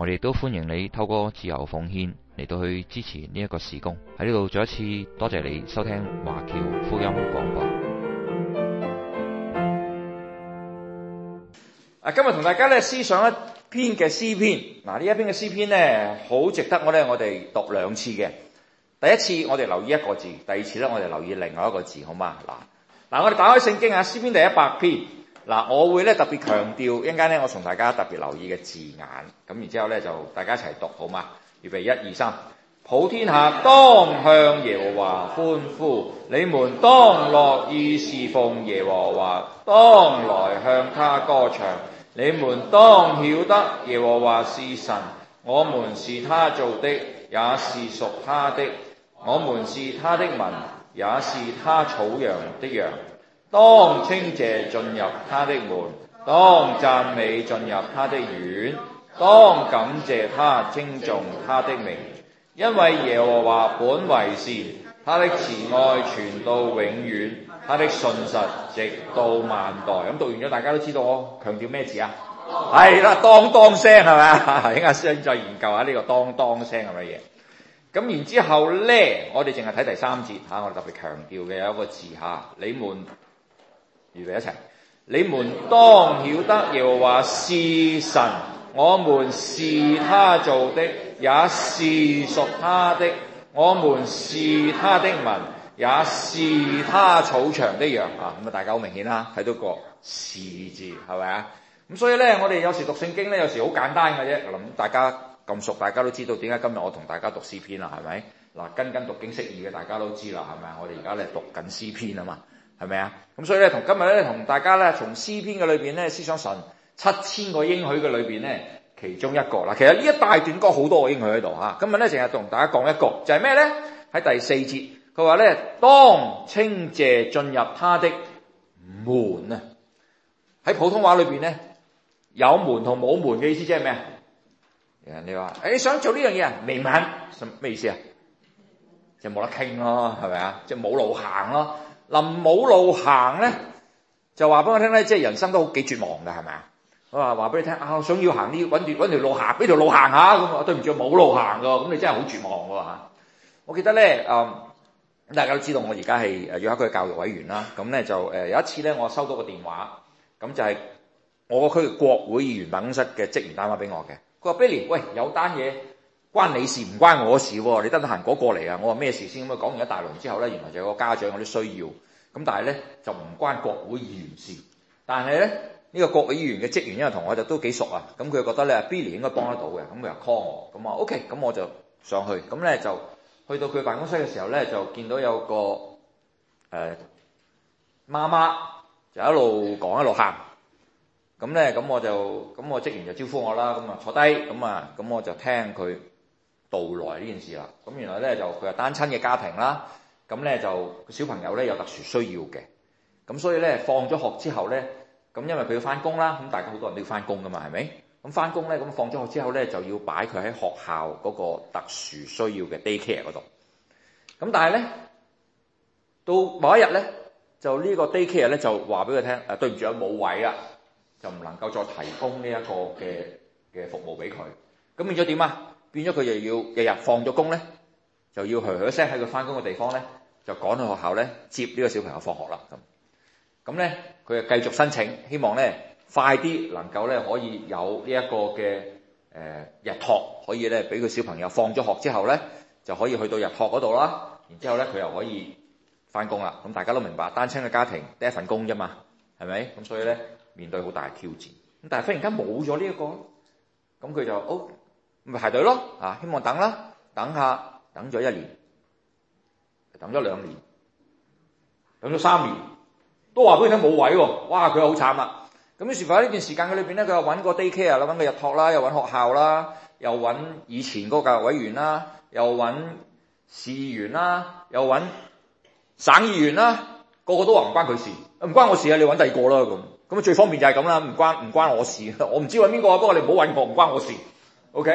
我哋都歡迎你透過自由奉獻嚟到去支持呢一個事工。喺呢度再一次多謝你收聽華僑福音廣播。啊，今日同大家咧思想一篇嘅詩篇。嗱，呢一篇嘅詩篇咧，好值得我咧，我哋讀兩次嘅。第一次我哋留意一個字，第二次咧我哋留意另外一個字，好嘛？嗱，嗱，我哋打開聖經啊，詩篇第一百篇。嗱，我會咧特別強調一陣間咧，我同大家特別留意嘅字眼，咁然之後咧就大家一齊讀好嘛，預備一二三，1, 2，普天下當向耶和華歡呼，你們當樂意事奉耶和華，當來向他歌唱。你們當曉得耶和華是神，我們是他造的，也是屬他的，我們是他的民，也是他草場的羊。當稱謝進入他的門，當讚美進入他的院，當感謝他，稱頌他的名，因為耶和華本為善，他的慈愛傳到永遠，他的信實直到萬代。咁、嗯、讀完咗，大家都知道我強調咩字啊？係啦當，當當聲係咪啊？等阿 s 再研究下呢個當當聲係乜嘢。咁然之後咧，我哋淨係睇第三節吓，我特別強調嘅有一個字吓，你們。預備一齊，你們當曉得，又話是神，我們是他做的，也是屬他的，我們是他的民，也是他草場的羊啊！咁啊，大家好明顯啦，睇到個是字係咪啊？咁所以咧，我哋有時讀聖經咧，有時好簡單嘅啫。咁大家咁熟，大家都知道點解今日我同大家讀詩篇啦？係咪？嗱，根根讀經釋義嘅，大家都知啦，係咪？我哋而家咧讀緊詩篇啊嘛。係咪啊？咁所以咧，同今日咧，同大家咧，從詩篇嘅裏邊咧，思想神七千個應許嘅裏邊咧，其中一個啦。其實呢一大段歌好多個應許喺度嚇。今日咧，成日同大家講一個，就係咩咧？喺第四節，佢話咧，當稱謝進入他的門啊！喺普通話裏邊咧，有門同冇門嘅意思即係咩啊？人哋話：，誒、哎、你想做呢樣嘢啊？未肯，咩意思啊？就冇得傾咯，係咪啊？即係冇路行咯。林冇路行咧，就話俾我聽咧，即係人生都好幾絕望嘅，係咪啊？我話話俾你聽啊，想要行呢揾條揾條路行，俾條路行下咁。我對唔住冇路行噶，咁你真係好絕望㗎嚇！我記得咧，誒、嗯，大家都知道我而家係誒約克區嘅教育委員啦。咁咧就誒有一次咧，我收到個電話，咁就係我個區國會議員辦公室嘅職員打電話俾我嘅。佢話 Billy，喂，有單嘢。關你事唔關我事喎，你得閒過嚟啊！我話咩事先咁啊？講完一大輪之後咧，原來就有個家長有啲需要咁，但係咧就唔關國會議員事。但係咧呢、這個國會議員嘅職員，因為同我就都幾熟啊，咁佢覺得咧 Billy 應該幫得到嘅，咁佢又 call 我，咁啊 OK，咁我就上去，咁咧就去到佢辦公室嘅時候咧，就見到有個誒、呃、媽媽就一路講一路喊，咁咧咁我就咁我職員就招呼我啦，咁啊坐低，咁啊咁我就聽佢，到來呢件事啦，咁原來咧就佢係單親嘅家庭啦，咁咧就個小朋友咧有特殊需要嘅，咁所以咧放咗學之後咧，咁因為佢要翻工啦，咁大家好多人都要翻工噶嘛，係咪？咁翻工咧，咁放咗學之後咧就要擺佢喺學校嗰個特殊需要嘅 daycare 嗰度。咁但係咧，到某一日咧，就呢個 daycare 咧就話俾佢聽，誒，對唔住啊，冇位啦，就唔能夠再提供呢一個嘅嘅服務俾佢。咁變咗點啊？變咗佢又要日日放咗工咧，就要噏噏聲喺佢翻工嘅地方咧，就趕去學校咧接呢個小朋友放學啦咁。咁咧佢又繼續申請，希望咧快啲能夠咧可以有呢一個嘅誒、呃、日託，可以咧俾個小朋友放咗學之後咧就可以去到日託嗰度啦。然之後咧佢又可以翻工啦。咁大家都明白單親嘅家庭得一份工啫嘛，係咪？咁所以咧面對好大嘅挑戰。咁但係忽然間冇咗呢一個，咁佢就 O。哦咪排隊咯嚇、啊，希望等啦，等下等咗一年，等咗兩年，等咗三年，都話俾你聽冇位喎、啊，哇佢好慘啦。咁於、啊、是乎喺呢段時間佢裏邊咧，佢又揾個 daycare 啦，揾個日托啦，又揾學校啦，又揾以前嗰個教育委員啦，又揾市議員啦，又揾省議員啦，個個都話唔關佢事，唔關我事啊！你揾第二個啦咁，咁啊最方便就係咁啦，唔關唔關我事，我唔知揾邊個啊，不過你唔好揾我，唔關我事。O K，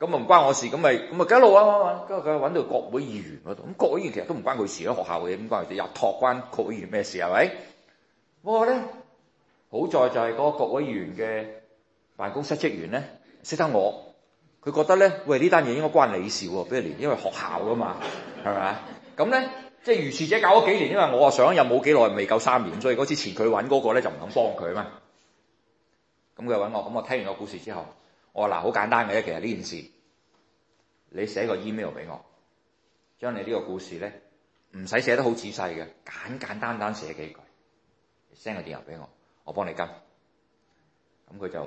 咁啊唔關我事，咁咪咁啊一路啊揾揾揾，跟住佢揾到國會議員嗰度。咁國會議員其實都唔關佢事咯，學校嘅咁關佢事，又托關國會議員咩事啊？係咪？不過咧，好在就係嗰個國會議員嘅辦公室職員咧識得我，佢覺得咧，喂，呢單嘢應該關你事喎，比如連因為學校啊嘛，係咪啊？咁咧即係如是者搞咗幾年，因為我啊上任冇幾耐，未夠三年，所以嗰之前佢揾嗰個咧就唔敢幫佢啊嘛。咁佢揾我，咁我聽完個故事之後。我嗱，好簡單嘅啫，其實呢件事，你寫個 email 俾我，將你呢個故事咧，唔使寫得好仔細嘅，簡簡單單寫幾句，你 send 個電郵俾我，我幫你跟。咁佢就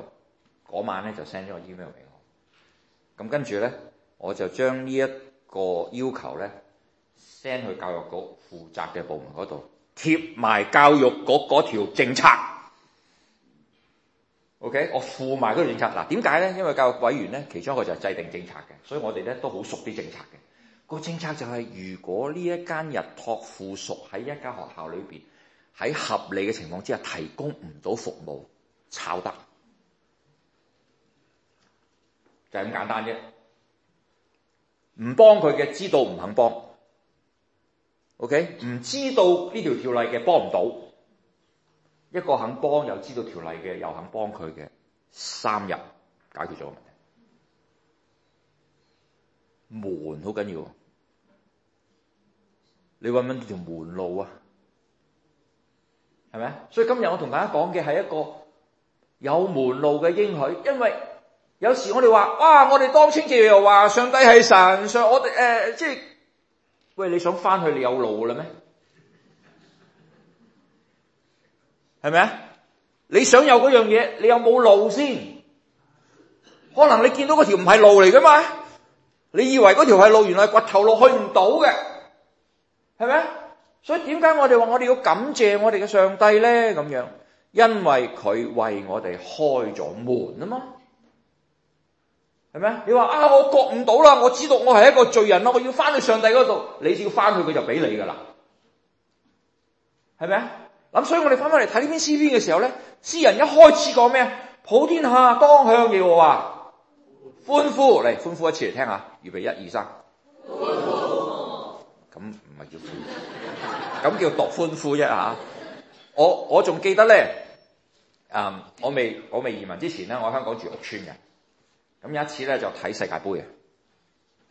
嗰晚咧就 send 咗個 email 俾我。咁跟住咧，我就將呢一個要求咧 send 去教育局負責嘅部門嗰度，貼埋教育局嗰條政策。OK，我附埋嗰個政策。嗱，點解呢？因為教育委員呢，其中一個就係制定政策嘅，所以我哋呢都好熟啲政策嘅。個政策就係，如果呢一間日託附屬喺一家學校裏面，喺合理嘅情況之下，提供唔到服務，炒得就係咁簡單啫。唔幫佢嘅，知道唔肯幫。OK，唔知道呢條條例嘅，幫唔到。一個肯幫又知道條例嘅，又肯幫佢嘅三日解決咗問題。門好緊要，你搵唔搵到條門路啊？係咪？所以今日我同大家講嘅係一個有門路嘅應許，因為有時我哋話，哇！我哋當清潔又話上帝係神，所以我哋誒、呃，即係喂，你想翻去你有路啦咩？係咪啊？你想有嗰樣嘢，你有冇路先？可能你見到嗰條唔係路嚟噶嘛？你以為嗰條係路，原來係掘頭路去唔到嘅，係咪啊？所以點解我哋話我哋要感謝我哋嘅上帝呢？咁樣，因為佢為我哋開咗門啊嘛，係咪啊？你話啊，我覺唔到啦，我知道我係一個罪人咯，我要翻去上帝嗰度，你只要翻去佢就俾你噶啦，係咪啊？咁所以我哋翻返嚟睇呢篇詩篇嘅時候呢，詩人一開始講咩啊？普天下當向嘅我啊，歡呼，嚟歡呼一次嚟聽下，預備一二三，1, 2, 歡呼，咁唔係叫歡呼，咁叫讀歡呼啫嚇。我我仲記得呢，啊、嗯，我未我未移民之前呢，我喺香港住屋邨嘅，咁有一次呢，就睇世界杯嘅，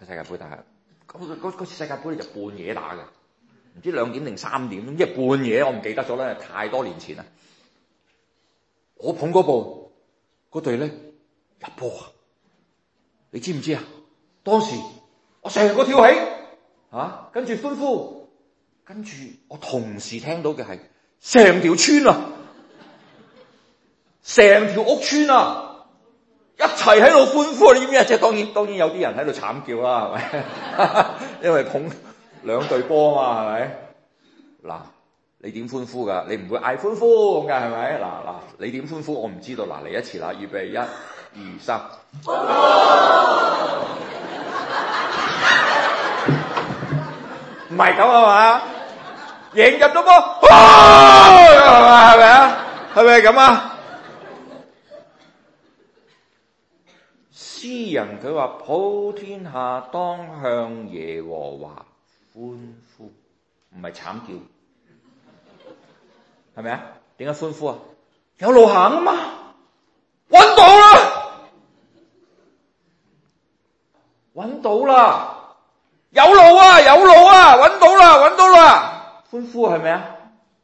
睇世界杯但係，嗰次世界杯就半夜打嘅。唔知兩點定三點，即係半夜，我唔記得咗咧，太多年前啦。我捧嗰部，嗰隊咧入波啊！你知唔知啊？當時我成個跳起嚇，啊，跟住歡呼，跟住我同時聽到嘅係成條村啊，成條屋村啊，一齊喺度歡呼。你知唔知啊？即係當然當然有啲人喺度慘叫啦，係咪？ 因為捧。兩隊波嘛，係咪？嗱，你點歡呼噶？你唔會嗌歡呼咁嘅，係咪？嗱，嗱，你點歡呼？我唔知道。嗱，嚟一次啦，預備，一二三，唔係咁啊嘛，贏入咗波，係咪 啊？係咪咁啊？是是 詩人佢話：普天下當向耶和華。歡呼唔係慘叫，係咪啊？點解歡呼啊？有路行啊嘛？搵到啦！搵到啦！有路啊！有路啊！搵到啦！搵到啦！歡呼係咪啊？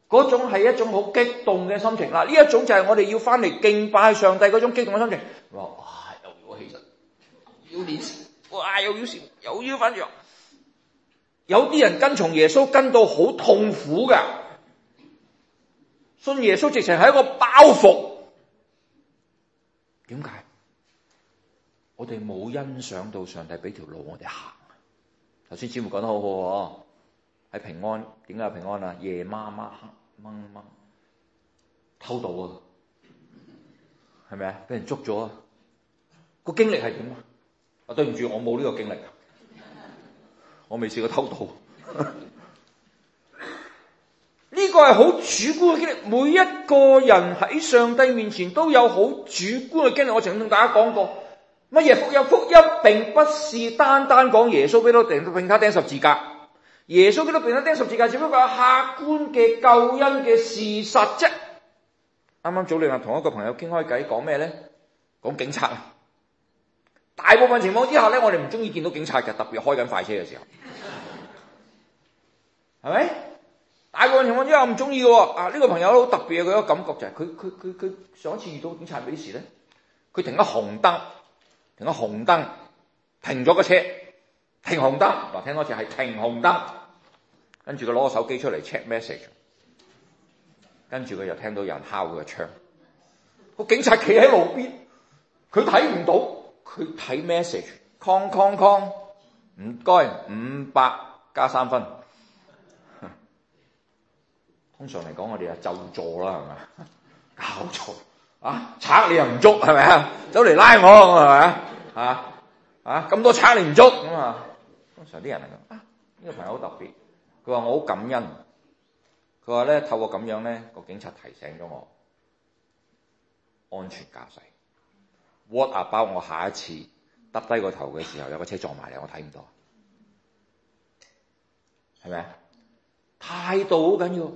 嗰種係一種好激動嘅心情。嗱，呢一種就係我哋要翻嚟敬拜上帝嗰種激動嘅心情。哇！又熱起身，又要哇！又要笑，又要翻場。有啲人跟從耶穌跟到好痛苦㗎，信耶穌直情係一個包袱。點解？我哋冇欣賞到上帝俾條路我哋行。頭先師傅講得好好喎，喺平安，點解平安啊？夜媽媽黑掹掹，偷渡是是啊，係咪啊？俾人捉咗，個經歷係點啊？我對唔住，我冇呢個經歷。我未試過偷渡，呢個係好主觀嘅經歷。每一個人喺上帝面前都有好主觀嘅經歷。我曾經同大家講過，乜嘢福音，福音，並不是單單講耶穌基督畀佢哋釘十字架。耶穌基督畀佢哋釘十字架，只不過係客觀嘅救恩嘅事實啫。啱啱早兩日同一個朋友傾開偈，講咩呢？講警察大部分情況之下咧，我哋唔中意見到警察就特別開緊快車嘅時候，係咪？大部分情況之下唔中意喎。啊，呢、這個朋友好特別嘅，佢個感覺就係佢佢佢佢上一次遇到警察咩事咧？佢停咗紅燈，停咗紅燈，停咗個車，停紅燈。嗱，聽多次係停紅燈，跟住佢攞個手機出嚟 check message，跟住佢又聽到有人敲佢個窗，個警察企喺路邊，佢睇唔到。佢睇 message，哐哐哐，唔該，五百加三分。通常嚟講，我哋啊就座啦，係咪啊？搞錯啊！賊你又唔捉，係咪啊？走嚟拉我，係咪啊？啊啊！咁多賊你唔捉，咁啊？通常啲人係咁。呢個朋友好特別，佢話我好感恩。佢話咧透過咁樣咧，個警察提醒咗我：「安全駕駛。」what about 我下一次耷低個頭嘅時候有個車撞埋嚟我睇唔到，係咪啊？態度好緊要。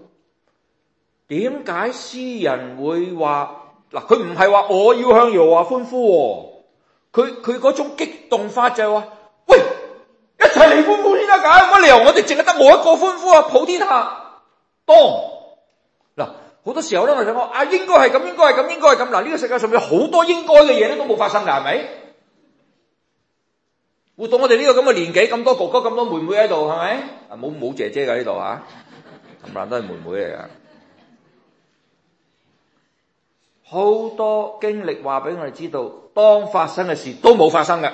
點解詩人會話嗱？佢唔係話我要向耶和華歡呼，佢佢嗰種激動法就係話喂，一齊嚟歡呼先得噶，乜 理由我哋淨係得我一個歡呼啊？普天下當嗱。當好多時候咧，我想我啊，應該係咁，應該係咁，應該係咁。嗱，呢個世界上有好多應該嘅嘢咧，都冇發生噶，係咪？活到我哋呢、這個咁嘅、這個、年紀，咁多哥哥，咁多妹妹喺度，係咪？啊，冇姐姐噶呢度啊，咁難得係妹妹嚟噶。好 多經歷話俾我哋知道，當發生嘅事都冇發生嘅。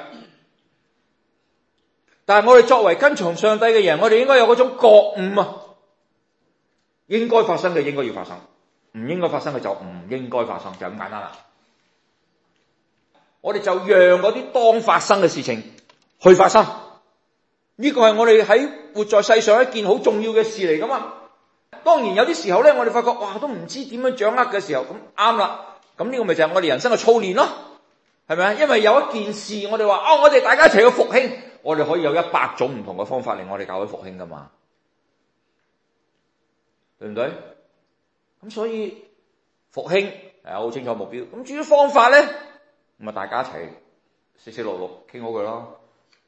但係我哋作為跟從上帝嘅人，我哋應該有嗰種覺悟啊，應該發生嘅應該要發生。唔應該發生嘅就唔應該發生，就咁簡單啦。我哋就讓嗰啲當發生嘅事情去發生，呢個係我哋喺活在世上一件好重要嘅事嚟噶嘛。當然有啲時候咧，我哋發覺哇，都唔知點樣掌握嘅時候，咁啱啦。咁呢個咪就係我哋人生嘅操練咯，係咪啊？因為有一件事，我哋話哦，我哋大家一齊去復興，我哋可以有一百種唔同嘅方法令我哋搞到復興噶嘛，對唔對？咁所以復興係好清楚目標，咁至於方法咧，咪大家一齊四四六六，傾好佢咯，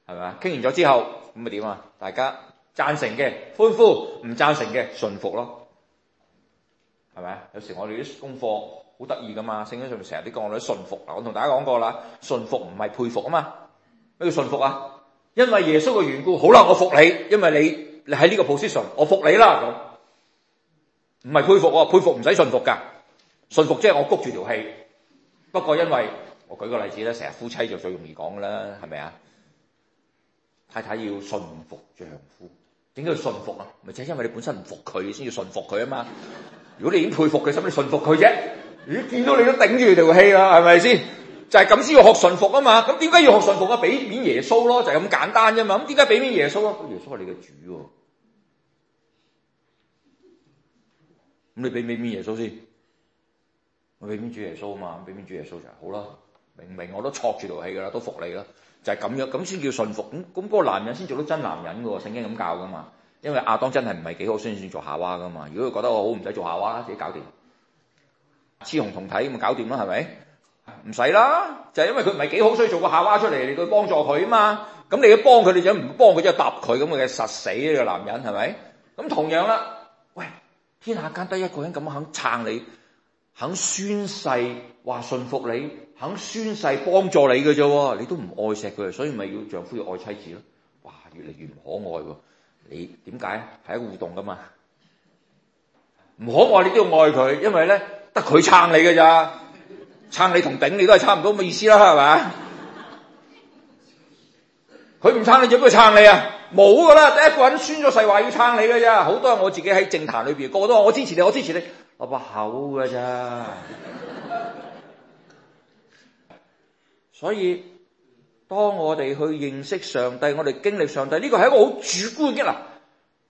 係咪啊？傾完咗之後，咁咪點啊？大家贊成嘅歡呼，唔贊成嘅順服咯，係咪啊？有時我哋啲功課好得意噶嘛，聖經上面成日啲講我哋啲順服嗱！我同大家講過啦，順服唔係佩服啊嘛，咩叫順服啊？因為耶穌嘅緣故，好啦，我服你，因為你你喺呢個 position，我服你啦咁。唔係佩服啊，佩服唔使順服噶順服即係我谷住條氣。不過因為我舉個例子咧，成日夫妻就最容易講噶啦，係咪啊？太太要順服丈夫，點解要順服啊？咪就係因為你本身唔服佢，先要順服佢啊嘛。如果你已經佩服佢，使乜順服佢啫？咦、呃，見到你都頂住條氣啦，係咪先？就係咁先要學順服啊嘛。咁點解要學順服啊？俾面耶穌咯，就係咁簡單啫嘛。咁點解俾面耶穌啊？耶穌係你嘅主。咁你俾邊邊耶穌先？我俾邊主耶穌啊嘛？俾邊主耶穌就好啦。明明我都錯住條氣噶啦，都服你啦，就係咁樣，咁先叫順服。咁嗰個男人先做到真男人噶喎，聖經咁教噶嘛。因為亞當真係唔係幾好，先算做夏娃噶嘛。如果佢覺得我好唔使做夏娃，自己搞掂，雌雄同體咁咪搞掂啦，係咪？唔使啦，就係因為佢唔係幾好，所以做個夏娃出嚟去幫助佢啊嘛。咁你要幫佢，你就唔幫佢，又答佢咁嘅，實死呢個男人係咪？咁同樣啦。天下間得一個人咁肯撐你，肯宣誓話信服你，肯宣誓幫助你嘅啫，你都唔愛錫佢，所以咪要丈夫要愛妻子咯。哇，越嚟越唔可愛喎！你點解？係一個互動噶嘛，唔可愛你都要愛佢，因為咧得佢撐你嘅咋，撐你同頂你都係差唔多咁嘅意思啦，係嘛？佢唔撐你，做咩要撐你啊！冇噶啦，第一個人宣咗誓話要撐你噶啫，好多人我自己喺政壇裏面，個個都話我支持你，我支持你，我把口噶啫。 所以當我哋去認識上帝，我哋經歷上帝，呢、這個係一個好主觀嘅嘢。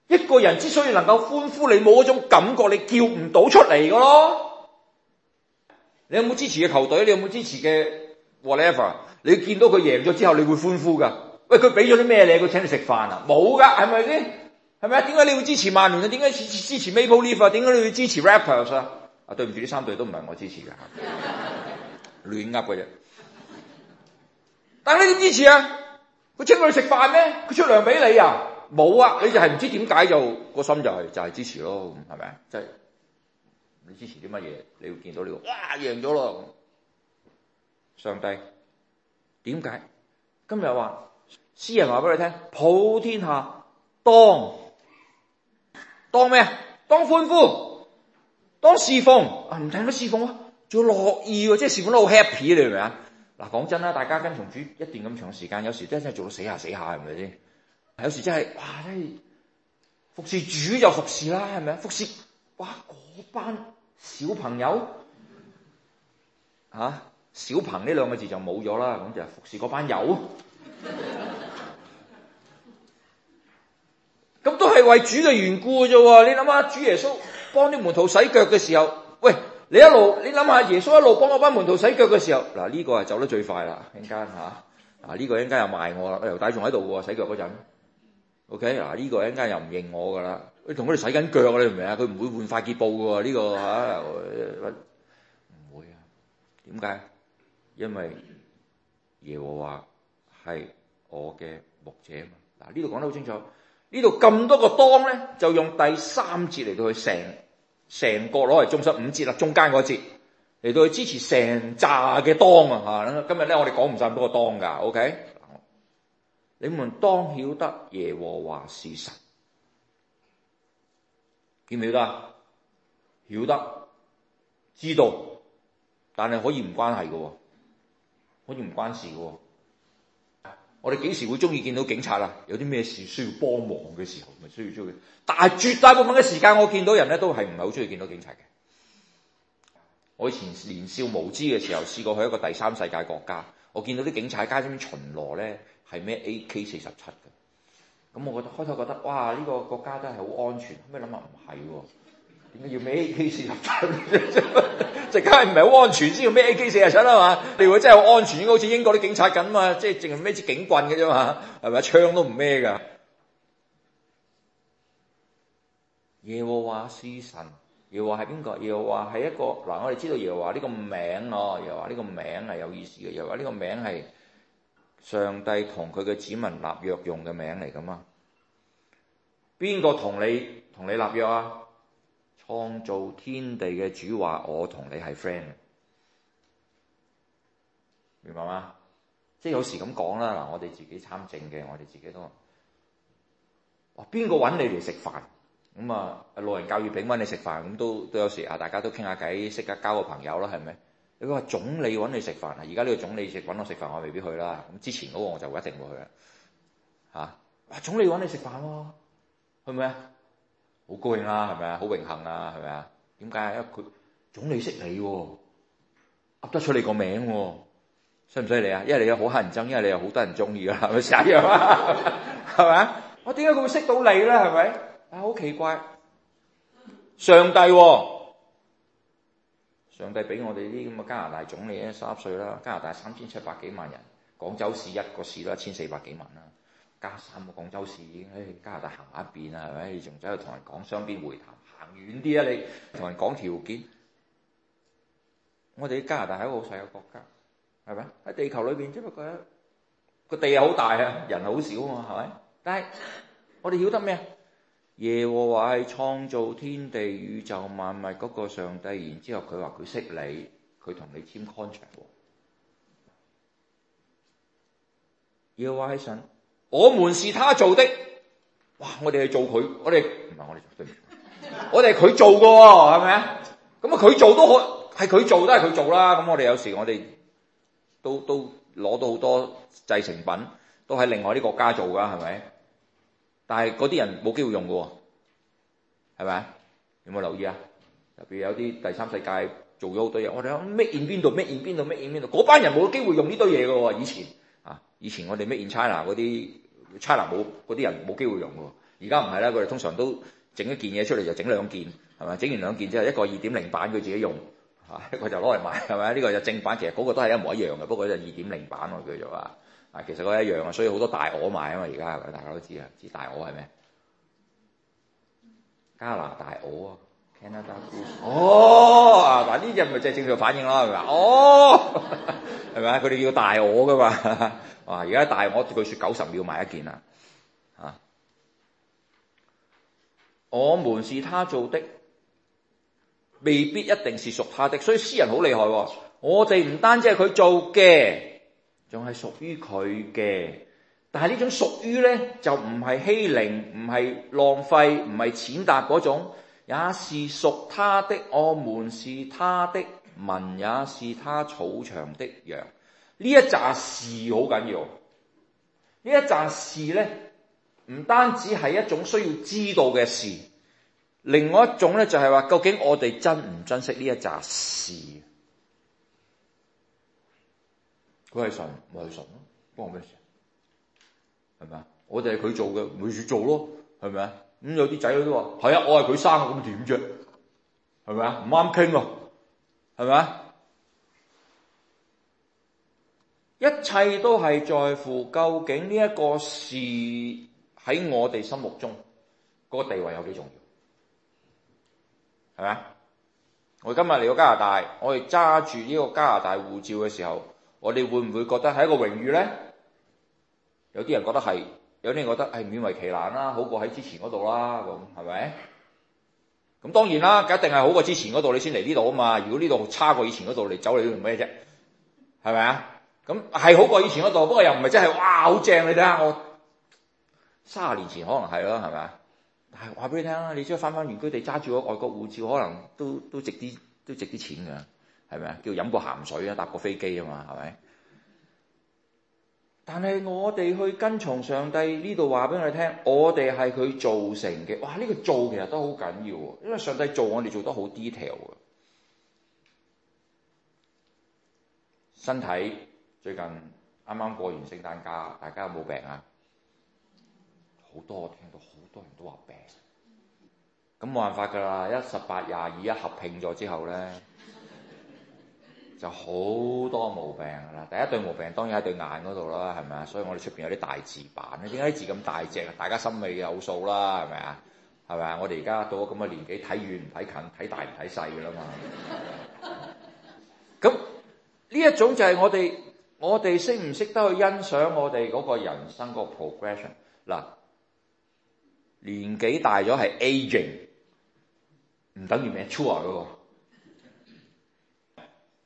一個人之所以能夠歡呼你，你冇嗰種感覺，你叫唔到出嚟噶咯。你有冇支持嘅球隊？你有冇支持嘅 whatever？你見到佢贏咗之後，你會歡呼噶。喂，佢俾咗啲咩你？佢請你食飯啊？冇噶，係咪先？係咪啊？點解你要支持曼聯啊？點解支持 Maple Leaf 呢？點解你要支持 Raptors 啊？啊，對唔住，呢三隊都唔係我支持嘅，亂呃嘅啫。但係你點支持啊？佢請佢去食飯咩？佢出糧俾你啊？冇啊！你就係唔知點解就個心就係就係支持咯，係咪？即係你支持啲乜嘢？你會見到呢個哇，贏咗咯！上帝，點解今日話？私人話俾你聽，普天下當當咩啊？當歡呼，當侍奉，唔單止侍奉啊，仲要樂意，即係侍奉得好 happy，你明唔明啊？嗱，講真啦，大家跟從主一段咁長嘅時間，有時真係做到死下死下，係咪先？有時真係，哇，真係服侍主就服侍啦，係咪啊？服侍哇，嗰班小朋友吓，啊，小朋呢兩個字就冇咗啦，咁就係服侍嗰班友。咁都係為主嘅緣故啫。你諗下，主耶穌幫啲門徒洗腳嘅時候，喂，你一路你諗下，耶穌一路幫我班門徒洗腳嘅時候，嗱，呢個係走得最快啦。一陣間吓啊，呢、這個一陣間又賣我啦，猶大仲喺度嘅洗腳嗰陣。OK，嗱、啊、呢、這個一陣間又唔認我噶啦。你同佢哋洗緊腳，你明唔明、這個、啊？佢唔會換塊潔布嘅呢個吓，唔會啊？點解？因為耶和華，係我嘅牧者啊！嗱，呢度講得好清楚。呢度咁多個當咧，就用第三節嚟到去成成個攞嚟中心五節啦，中間嗰節嚟到去支持成扎嘅當啊！啊今日咧，我哋講唔晒咁多個當噶。OK，你們當曉得耶和華是神，見唔見得？曉得知道，但係可以唔關係嘅，可以唔關事嘅。我哋幾時會鍾意見到警察啊？有啲咩事需要幫忙嘅時候，咪需要中意。但係絕大部分嘅時間，我見到人咧都係唔係好鍾意見到警察嘅。我以前年少無知嘅時候，試過去一個第三世界國家，我見到啲警察喺街邊巡邏咧，係咩 AK 四十七嘅。咁我覺得開頭覺得哇，呢、這個國家真係好安全。後屘諗下唔係喎，點解要咩 AK 四十七？ 梗係唔係好安全先用咩 AK 四廿七啊嘛？你會真係好安全，好似英國啲警察咁嘛？即係淨係咩支警棍嘅啫嘛？係咪槍都唔孭噶？耶和華是神，耶和華係邊個？耶和華係一個嗱，我哋知道耶和華呢個名哦，又話呢個名係有意思嘅，又話呢個名係上帝同佢嘅子民立約用嘅名嚟噶嘛？邊個同你同你立約啊？創造天地嘅主話：我同你係 friend，明白嗎？即係有時咁講啦。嗱，我哋自己參政嘅，我哋自己都話：哇、哦，邊個揾你嚟食飯？咁、嗯、啊，路人教月餅揾你食飯，咁、嗯、都都有時啊。大家都傾下偈，識下交個朋友啦，係咪？你話總理揾你食飯啊？而家呢個總理食揾我食飯，我未必去啦。咁之前嗰個我就一定會去啦。嚇、啊，總理揾你食飯喎，係咪啊？好高興啦，係咪啊？好榮幸啊，係咪啊？點解啊？因為佢總理識你喎，噏得出你個名喎、啊，犀唔犀利啊？因為你有好乞人憎，因為你有好多人中意啦，咪一樣啊？係咪啊？我點解佢會識到你咧？係咪啊？好奇怪！上帝、啊，上帝俾我哋啲咁嘅加拿大總理咧，三十歲啦，加拿大三千七百幾萬人，廣州市一個市都一千四百幾萬啦。加三個廣州市，已經、哎、喺加拿大行一邊啊，係咪？仲走去同人講雙邊會談，行遠啲啊！你同人講條件。我哋啲加拿大係一個好細嘅國家，係咪？喺地球裏邊只不過一，個地又好大啊，人好少啊，係咪？但係我哋曉得咩？耶和華係創造天地宇宙萬物嗰個上帝，然之後佢話佢識你，佢同你簽 contract。耶和華係神。我們是他做的，哇！我哋係做佢，我哋唔係我哋做，對唔住？ 我哋係佢做嘅係咪啊？咁啊，佢做都好，係佢做都係佢做啦。咁我哋有時我哋都都攞到好多製成品，都喺另外啲國家做噶，係咪？但係嗰啲人冇機會用嘅，係咪？有冇留意啊？特別有啲第三世界做咗好多嘢，我哋諗 made in 邊度，made in 邊度，made in 邊度，嗰班人冇機會用呢堆嘢嘅喎，以前。啊！以前我哋 Made in China 嗰啲 China 冇啲人冇機會用喎，而家唔係啦，佢哋通常都整一件嘢出嚟就整兩件，係嘛？整完兩件之後一個二點零版佢自己用，嚇佢就攞嚟賣，係嘛？呢個就正版，其實嗰個都係一模一樣嘅，不過就二點零版喎叫做話，啊其實嗰一樣啊，所以好多大鵝賣啊嘛，而家大家都知啊，知大鵝係咩？加拿大鵝啊，Canada Goose 哦。啲人咪就係正常反應咯，係咪？哦，係咪？佢哋要大我噶嘛？哇！而家大我，據説九十秒買一件啊！啊，我們是他做的，未必一定是屬他的，所以詩人好厲害喎，啊。我哋唔單止係佢做嘅，仲係屬於佢嘅。但係呢種屬於咧，就唔係欺凌，唔係浪費，唔係踐踏嗰種。也是屬他的，我們是他的民，也是他草場的羊。呢一紮事好緊要，呢一紮事呢？唔單止係一種需要知道嘅事，另外一種咧就係話，究竟我哋珍唔珍惜呢一紮事？佢係神咪係、就是、神咯，關我咩事？係咪啊？我哋係佢做嘅，咪住做咯，係咪？咁有啲仔女都話：係啊，我係佢生嘅，咁點啫？係咪啊？唔啱傾喎，係咪啊？一切都係在乎究竟呢一個事喺我哋心目中，嗰個地位有幾重要？係咪啊？我哋今日嚟到加拿大，我哋揸住呢個加拿大護照嘅時候，我哋會唔會覺得係一個榮譽咧？有啲人覺得係。有啲人覺得係勉為其難啦，好過喺之前嗰度啦，咁係咪？咁當然啦，梗係一定係好過之前嗰度，你先嚟呢度啊嘛。如果呢度差過以前嗰度你走嚟，做乜嘢啫？係咪啊？咁係好過以前嗰度，不過又唔係真係哇好正，你睇下我三十年前可能係咯，係咪啊？係話俾你聽啦，你即係翻返原居地，揸住個外國護照，可能都都值啲都值啲錢㗎，係咪啊？叫飲過鹹水啊，搭過飛機啊嘛，係咪？但係我哋去跟從上帝呢度話俾佢哋聽，我哋係佢造成嘅。哇！呢個做其實都好緊要，因為上帝做我哋做得好 detail。身體最近啱啱過完聖誕假，大家有冇病啊？好多我聽到好多人都話病，咁冇辦法㗎啦！一十八廿二一合拼咗之後呢。就好多毛病啦，第一對毛病當然喺對眼嗰度啦，係咪啊？所以我哋出邊有啲大字版，你點解啲字咁大隻？大家心裏有數啦，係咪啊？係咪啊？我哋而家到咗咁嘅年紀，睇遠唔睇近，睇大唔睇細嘅啦嘛。咁呢 一種就係我哋，我哋識唔識得去欣賞我哋嗰個人生個 progression 嗱，年紀大咗係 aging，唔等於咩？mature 嗰個。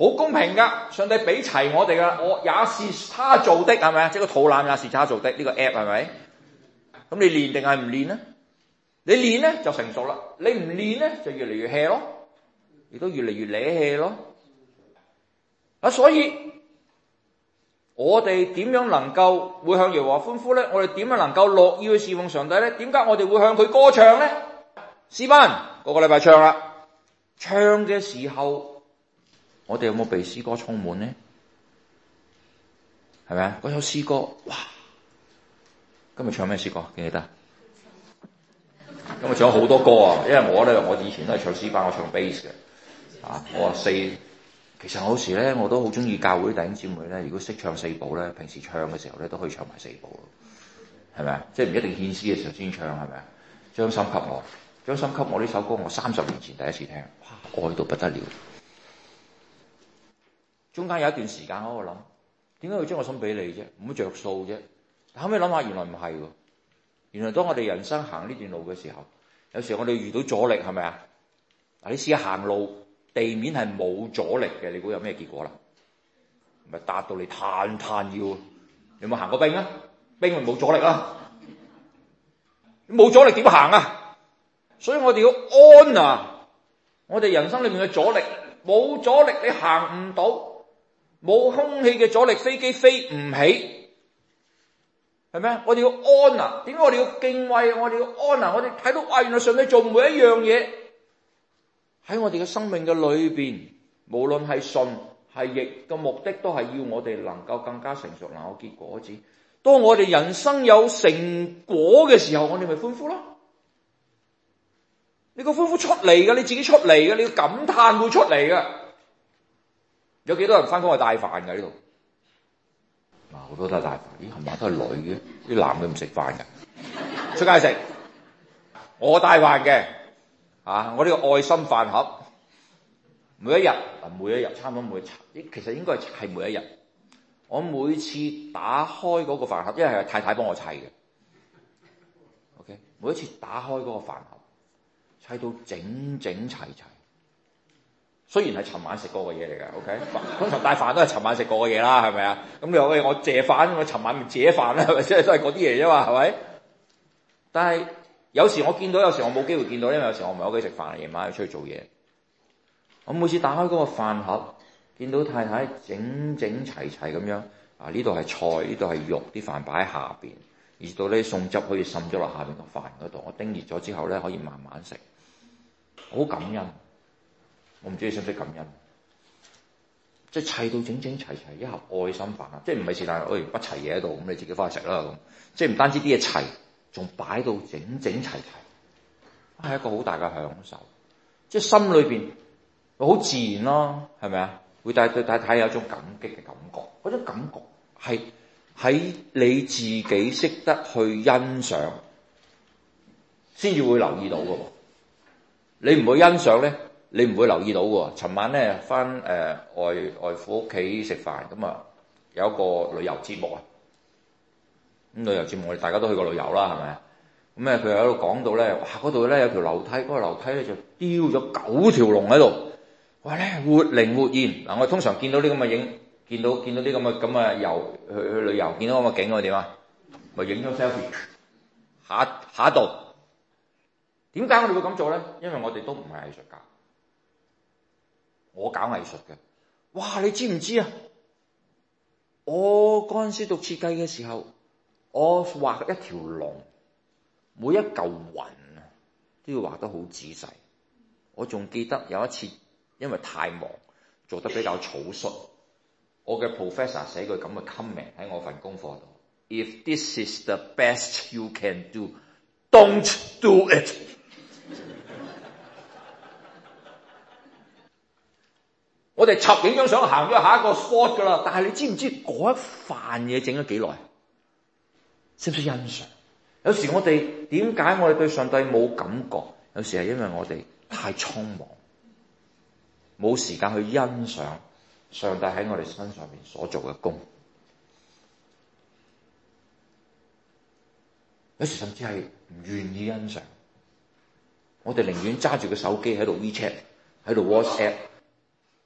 好公平噶，上帝俾齊我哋噶，我、哦、也是他做的，係咪啊？即係個肚腩也是他做的，呢、這個 app 係咪？咁你練定係唔練呢？你練呢就成熟啦，你唔練呢就越嚟越 hea 咯，亦都越嚟越惹 hea 咯。啊，所以我哋點樣能夠會向耶和華歡呼咧？我哋點樣能夠樂意去侍奉上帝咧？點解我哋會向佢歌唱咧？試問，個個禮拜唱啦，唱嘅時候。我哋有冇被詩歌充滿咧？係咪啊？嗰首詩歌，哇！今日唱咩詩歌？記唔記得？ 今日唱咗好多歌啊！因為我咧，我以前都係唱詩班，我唱 bass 嘅。啊，我話四，其實有時咧，我都好中意教會弟兄姊妹咧。如果識唱四部咧，平時唱嘅時候咧，都可以唱埋四部咯。係咪啊？即係唔一定獻詩嘅時候先唱係咪啊？將心給我，將心給我呢首歌，我三十年前第一次聽，哇，愛到不得了。中間有一段時間，我喺度諗，點解要將我心俾你啫？唔好着數啫。後尾諗下，原來唔係嘅。原來當我哋人生行呢段路嘅時候，有時候我哋遇到阻力，係咪啊？你試下行路，地面係冇阻力嘅，你估有咩結果啦？咪達到你彈彈腰？有冇行過冰啊？冰咪冇阻力啦，冇阻力點行啊？所以我哋要安啊！我哋人生裏面嘅阻力，冇阻力你行唔到。冇空氣嘅阻力，飛機飛唔起，係咪？我哋要安啊！點解我哋要敬畏？我哋要安啊！我哋睇到啊，原來上帝做每一樣嘢喺我哋嘅生命嘅裏邊，無論係信係逆嘅目的，都係要我哋能夠更加成熟，能夠結果子。當我哋人生有成果嘅時候，我哋咪歡呼咯！你個歡呼出嚟嘅，你自己出嚟嘅，你要感嘆會出嚟嘅。有幾多人翻工係帶飯嘅呢度？嗱、啊，好多都係帶飯。咦，係咪都係女嘅？啲男嘅唔食飯嘅， 出街食。我帶飯嘅，啊，我呢個愛心飯盒，每一日啊，每一日差唔多每餐，咦，其實應該係每一日。我每次打開嗰個飯盒，因為係太太幫我砌嘅。OK，每一次打開嗰個飯盒，砌到整整齊齊，齊，齊。雖然係尋晚食過嘅嘢嚟嘅，OK？通常帶飯都係尋晚食過嘅嘢啦，係咪啊？咁你話餵我，我借飯，我尋晚唔借飯啦，係咪？即係都係嗰啲嘢啫嘛，係咪？但係有時我見到，有時我冇機會見到，因為有時我唔喺屋企食飯，夜晚要出去做嘢。我每次打開嗰個飯盒，見到太太整整齊齊咁樣，啊呢度係菜，呢度係肉，啲飯擺喺下邊，而到咧餸汁可以滲咗落下邊個飯嗰度，我叮熱咗之後咧可以慢慢食，好感恩。我唔知你識唔識感恩，即係砌到整整齊齊，齊一盒愛心飯啊！即係唔係是但，喂、哎，不齊嘢喺度，咁你自己翻去食啦咁。即係唔單止啲嘢齊，仲擺到整整齊齊，齊，係一個好大嘅享受。即係心裏邊好自然咯，係咪啊？會帶對太太有一種感激嘅感覺，嗰種感覺係喺你自己識得去欣賞，先至會留意到㗎喎。你唔會欣賞咧？你唔會留意到喎。尋晚咧返誒外外父屋企食飯，咁啊有一個旅遊節目啊。咁旅遊節目我哋大家都去過旅遊啦，係咪？咁咧佢喺度講到咧，哇！嗰度咧有條樓梯，嗰、嗰個樓梯咧就雕咗九條龍喺度。哇！咧活靈活現嗱、啊，我通常見到啲咁嘅影，見到見到啲咁嘅咁啊遊去去旅遊，見到咁嘅景我點啊，咪影張 selfie。下下一度點解我哋會咁做咧？因為我哋都唔係藝術家。我搞藝術嘅，哇！你知唔知啊？我嗰陣時讀設計嘅時候，我畫一條龍，每一嚿雲都要畫得好仔細。我仲記得有一次，因為太忙，做得比較草率。我嘅 professor 寫句咁嘅 comment 喺我份功課度：If this is the best you can do, don't do it。我哋插影張相，行咗下一個 sport 㗎喇。但係你知唔知嗰一番嘢整咗幾耐？識唔識欣賞？有時我哋點解我哋對上帝冇感覺？有時係因為我哋太匆忙，冇時間去欣賞上帝喺我哋身上面所做嘅工。有時甚至係唔願意欣賞。我哋寧願揸住個手機喺度 WeChat，喺度 WhatsApp。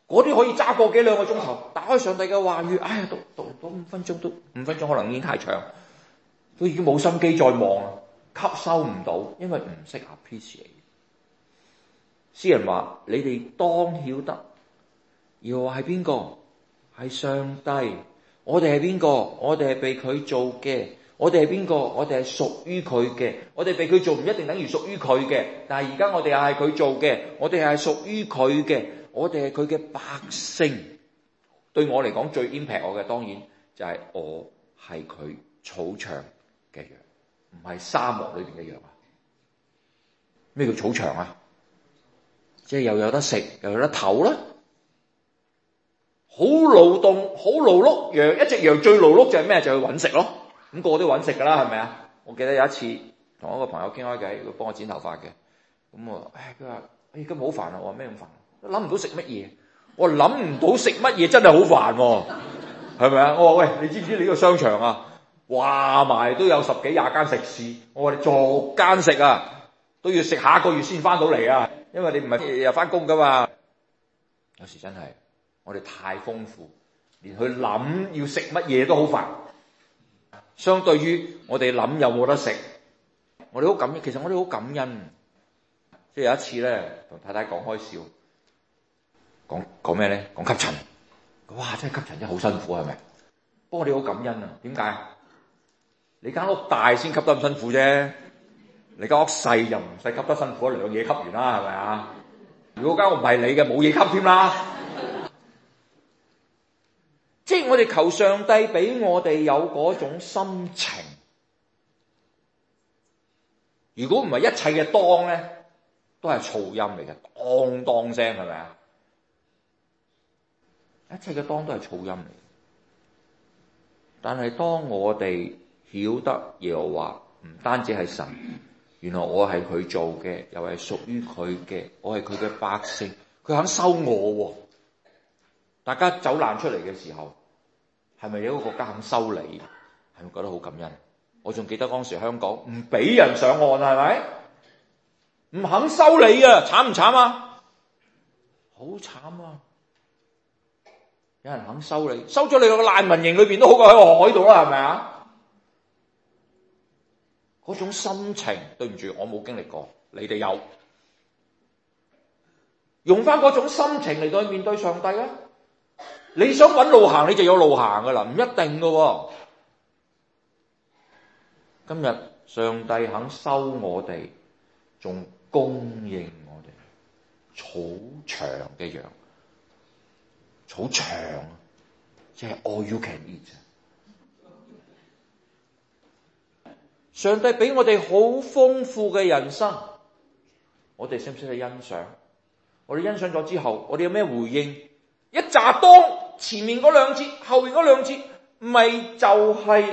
嗰啲可以揸個幾兩個鐘頭，打開上帝嘅話語，哎呀讀讀到五分鐘都五分鐘，可能已經太長，都已經冇心機再望啦，吸收唔到，因為唔適合 peace 嚟嘅。詩人話：你哋當曉得，而我係邊個？係上帝。我哋係邊個？我哋係被佢做嘅。我哋係邊個？我哋係屬於佢嘅。我哋被佢做唔一定等於屬於佢嘅，但係而家我哋又係佢做嘅，我哋係屬於佢嘅。我哋係佢嘅百姓，對我嚟講最 impact 我嘅，當然就係我係佢草場嘅羊，唔係沙漠裏邊嘅羊啊！咩叫草場啊？即係又有得食，又有得唞啦！好勞動，好勞碌，羊一隻羊最勞碌就係咩？就去搵食咯！咁、那個個都搵食噶啦，係咪啊？我記得有一次同一個朋友傾開偈，佢幫我剪頭髮嘅，咁啊，佢、哎、話，哎，今日好煩啊！我話咩咁煩啊？諗唔到食乜嘢，我諗唔到食乜嘢真係好煩喎，係咪啊？我話喂，你知唔知你呢個商場啊？話埋都有十幾廿間食肆，我話你逐間食啊，都要食下一個月先翻到嚟啊，因為你唔係日日翻工㗎嘛。有時真係，我哋太豐富，連去諗要食乜嘢都好煩。相對於我哋諗有冇得食，我哋好感，其實我哋好感恩。即係有一次咧，同太太講開笑。講講咩咧？講吸塵，哇！真係吸塵真係，好辛苦係咪？不過你好感恩啊，點解？你間屋大先吸得咁辛苦啫，你間屋細又唔使吸得辛苦，一兩嘢吸完啦，係咪啊？如果間屋唔係你嘅，冇嘢吸添啦。 即係我哋求上帝俾我哋有嗰種心情。如果唔係一切嘅當咧，都係噪音嚟嘅，噹噹聲係咪啊？是一切嘅當都係噪音嚟，但係當我哋曉得耶和華唔單止係神，原來我係佢做嘅，又係屬於佢嘅，我係佢嘅百姓，佢肯收我。大家走難出嚟嘅時候，係咪有一個國家肯收你？係咪覺得好感恩？我仲記得當時香港唔俾人上岸，係咪？唔肯收你啊！慘唔慘啊？好慘啊！有人肯收你，收咗你個難民營裏面都好過喺個海度啦，係咪啊？嗰種心情，對唔住，我冇經歷過，你哋有，用翻嗰種心情嚟到面對上帝咧。你想揾路行，你就有路行㗎喇，唔一定㗎。今日上帝肯收我哋，仲供應我哋草場嘅羊。好長，即係 all you can eat。上帝俾我哋好豐富嘅人生，我哋識唔識去欣賞？我哋欣賞咗之後，我哋有咩回應？一乍當前面嗰兩次，後面嗰兩次，咪就係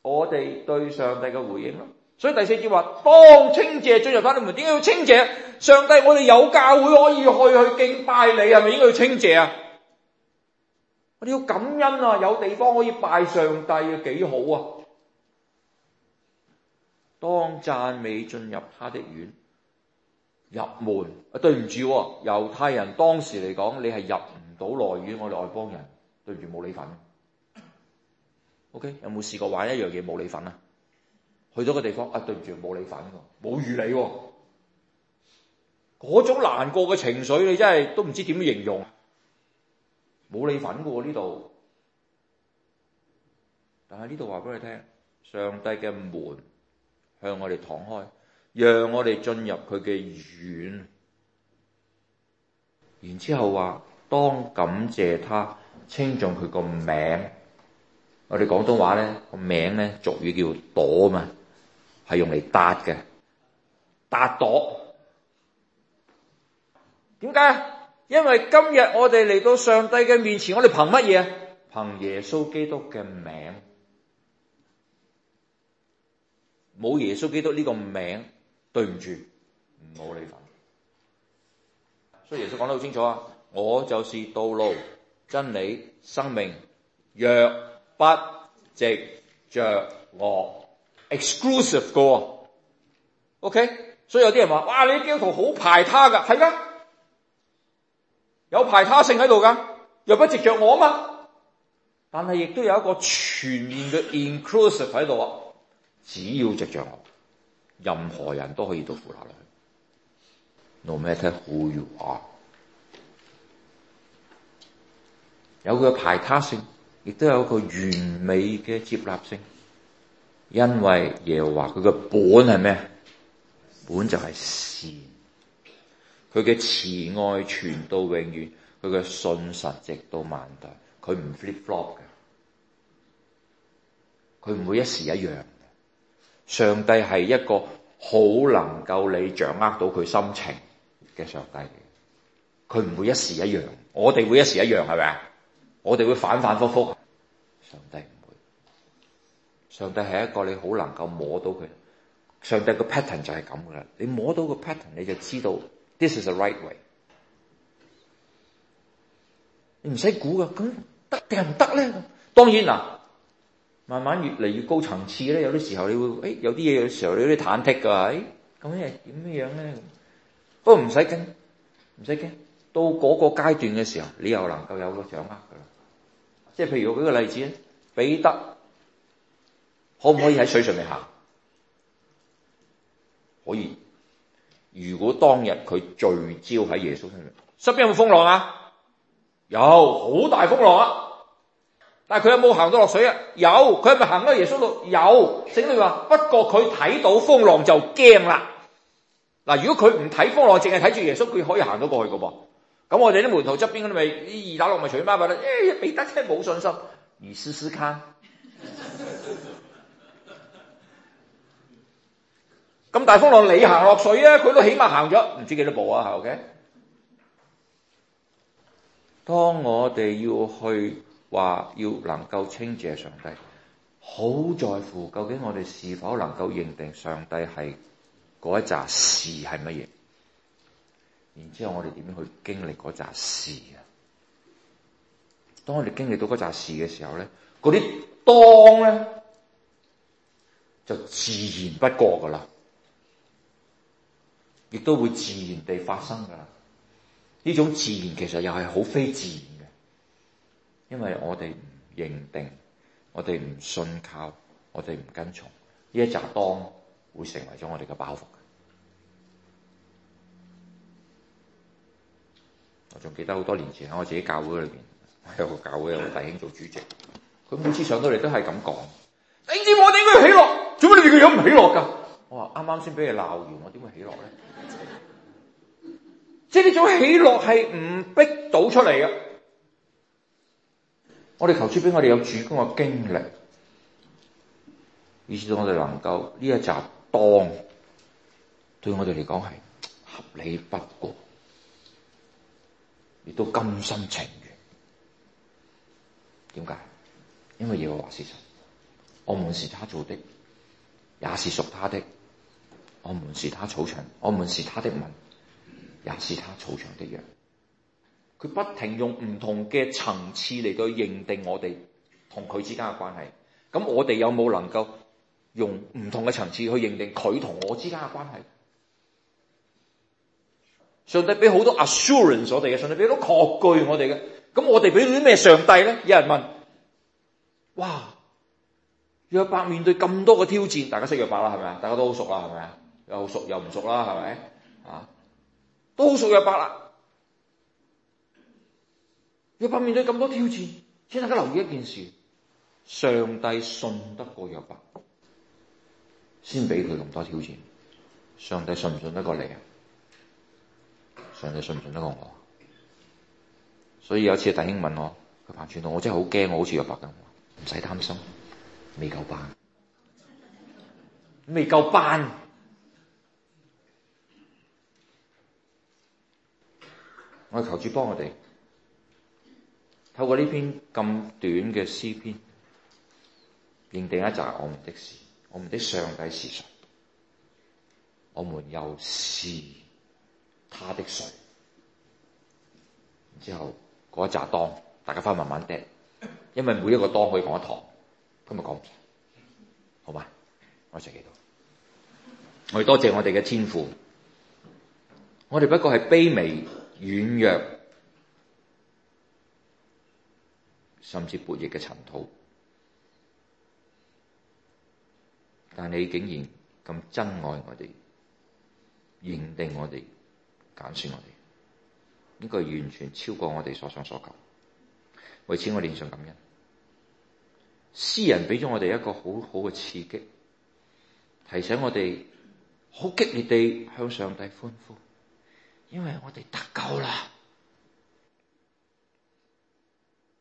我哋對上帝嘅回應咯。所以第四節話當稱謝進入他的門，點解要稱謝？上帝，我哋有教會可以去去,去敬拜你，係咪應該要稱謝啊？我哋要感恩啊！有地方可以拜上帝啊，幾好啊！當讚美進入他的院，入門啊，對唔住啊，猶太人當時嚟講，你係入唔到內院，我哋外邦人對唔住冇你份啊。OK，有冇試過玩一樣嘢冇你份啊？去咗個地方啊，對唔住冇你份啊，冇如你嗰啊，種難過嘅情緒，你真係都唔知點形容。冇你份噶喎呢度，但係呢度話俾你聽，上帝嘅門向我哋敞開，讓我哋進入佢嘅院。然之後話，當感謝他，稱頌佢個名。我哋廣東話呢個名呢，俗語叫朵嘛，係用嚟搭嘅，搭朵。點解？因為今日我哋嚟到上帝嘅面前，我哋憑乜嘢啊？憑耶穌基督嘅名，冇耶穌基督呢個名，對唔住，冇你份。 所以耶穌講得好清楚啊，我就是道路、真理、生命，若不藉着我，exclusive 嘅，OK。所以有啲人話，哇，你啲基督徒好排他噶，係啊。有排他性喺度噶，若不直着我啊嘛。但係亦都有一個全面嘅 inclusive 喺度啊。只要直着我，任何人都可以到扶下來。No matter who you are？有佢嘅排他性，亦都有一個完美嘅接納性。因為耶和華佢嘅本係咩？本就係善。佢嘅慈愛傳到永遠，佢嘅信實直到萬代。佢唔 flip flop 嘅，佢唔會一時一樣。上帝係一個好能夠你掌握到佢心情嘅上帝，佢唔會一時一樣。我哋會一時一樣係咪啊？我哋會反反复复。上帝唔會，上帝係一個你好能夠摸到佢。上帝個 pattern 就係咁噶啦，你摸到個 pattern 你就知道。This is the right way 你。你唔使估噶，咁得定唔得咧？當然啦，慢慢越嚟越高層次咧，有啲時候你會，誒、欸、有啲嘢有時候你有啲忐忑嘅，誒咁誒點樣咧？不過唔使驚，唔使驚，到嗰個階段嘅時候，你又能夠有個掌握嘅喇。即係譬如我舉個例子咧，彼得可唔可以喺水上面行？可以。如果當日佢聚焦喺耶穌身上，側邊有冇風浪啊？有，好大風浪啊！但係佢有冇行到落水啊？有，佢係咪行喺耶穌度？有。聖經話，不過佢睇到風浪就驚啦。嗱，如果佢唔睇風浪，淨係睇住耶穌，佢可以行到過去噶噃。咁我哋啲門徒側邊嗰啲咪二打六咪隨媽咪誒，彼、哎、得真冇信心，而斯斯卡。咁大風浪，你行落水啊！佢都起碼行咗唔知幾多步啊，行嘅。當我哋要去話要能夠稱謝上帝，好在乎究竟我哋是否能夠認定上帝係嗰一紮事係乜嘢？然之後我哋點樣去經歷嗰紮事啊？當我哋經歷到嗰紮事嘅時候咧，嗰啲當咧就自然不過噶啦。亦都會自然地發生噶啦，呢種自然其實又係好非自然嘅，因為我哋唔認定，我哋唔信靠，我哋唔跟從，呢一集當會成為咗我哋嘅包袱。我仲記得好多年前喺我自己教會裏邊，有個教會有個弟兄做主席，佢每次上到嚟都係咁講：你知我哋應該起落，做乜你哋個樣唔起落噶？我話啱啱先俾你鬧完，我點會喜樂咧？即係呢種喜樂係唔逼到出嚟嘅。 我哋求主俾我哋有主觀嘅經歷，以致到我哋能夠呢一集當對我哋嚟講係合理不過，亦都甘心情願。點解？因為耶和華是神，我們是他做的，也是屬他的。我們是他草場，我們是他的民，也是他草場的羊。佢不停用唔同嘅層次嚟去認定我哋同佢之間嘅關係。咁我哋有冇能夠用唔同嘅層次去認定佢同我之間嘅關係？上帝俾好多 assurance 我哋嘅，上帝俾好多確據我哋嘅。咁我哋俾啲咩上帝呢？有人問，哇！約伯面對咁多嘅挑戰，大家識約伯啦，係咪啊？大家都好熟啦，係咪啊？又熟又唔熟啦，係咪啊？都好熟約伯啦，約伯面對咁多挑戰，請大家留意一件事，上帝信得過約伯，先俾佢咁多挑戰。上帝信唔信得過你啊？上帝信唔信得過我，啊？所以有一次大兄問我佢辦傳統，我真係好驚，我好似約伯咁。唔使擔心，未夠班，未夠班。我要求主幫我哋透過呢篇咁短嘅詩篇，認定一扎我們的事，我們的上帝是誰，我們又是他的誰？之後嗰一扎當大家回去慢慢睇，因為每一個當可以講一堂，今日講唔完，好嘛？我哋多，多謝我哋嘅天父，我哋不過係卑微、軟弱，甚至薄翼嘅塵土，但你竟然咁珍愛我哋，認定我哋，揀選我哋，呢個完全超過我哋所想所求。為此我連想感恩，詩人畀咗我哋一個好好嘅刺激，提醒我哋好激烈地向上帝歡呼。因為我哋得救啦，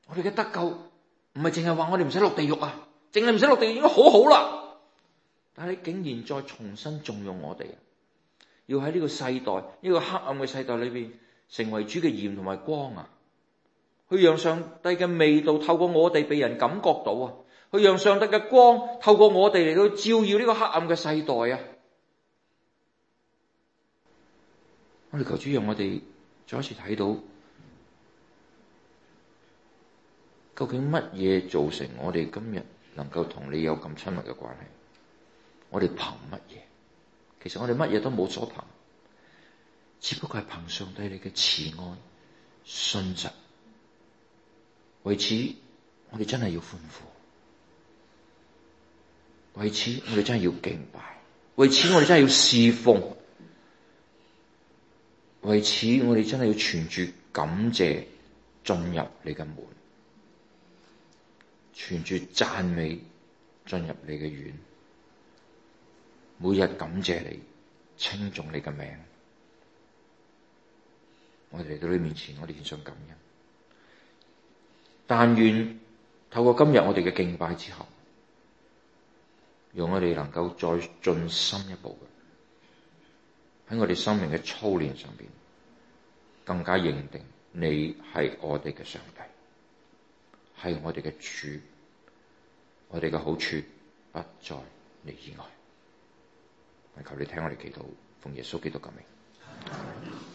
我哋嘅得救唔係淨係話我哋唔使落地獄啊，淨係唔使落地獄已經好好啦。但係你竟然再重新重用我哋，要喺呢個世代呢、呢個黑暗嘅世代裏邊成為主嘅鹽同埋光啊，去讓上帝嘅味道透過我哋畀人感覺到啊，去讓上帝嘅光透過我哋嚟到照耀呢個黑暗嘅世代啊。求主讓我哋再一次睇到，究竟乜嘢造成我哋今日能夠同你有咁親密嘅關係？我哋憑乜嘢？其實我哋乜嘢都冇所憑，只不過係憑上帝你嘅慈愛、信實。為此，我哋真係要歡呼；為此，我哋真係要敬拜；為此，我哋真係要侍奉。為此，我哋真係要存住感謝，進入你嘅門；存住讚美，進入你嘅院。每日感謝你，稱頌你嘅名。我哋嚟到你面前，我哋獻上感恩。但願透過今日我哋嘅敬拜之後，讓我哋能夠再進深一步。喺我哋生命嘅操練上邊，更加認定你係我哋嘅上帝，係我哋嘅主，我哋嘅好處不在你以外。求你聽我哋祈禱，奉耶穌基督嘅名。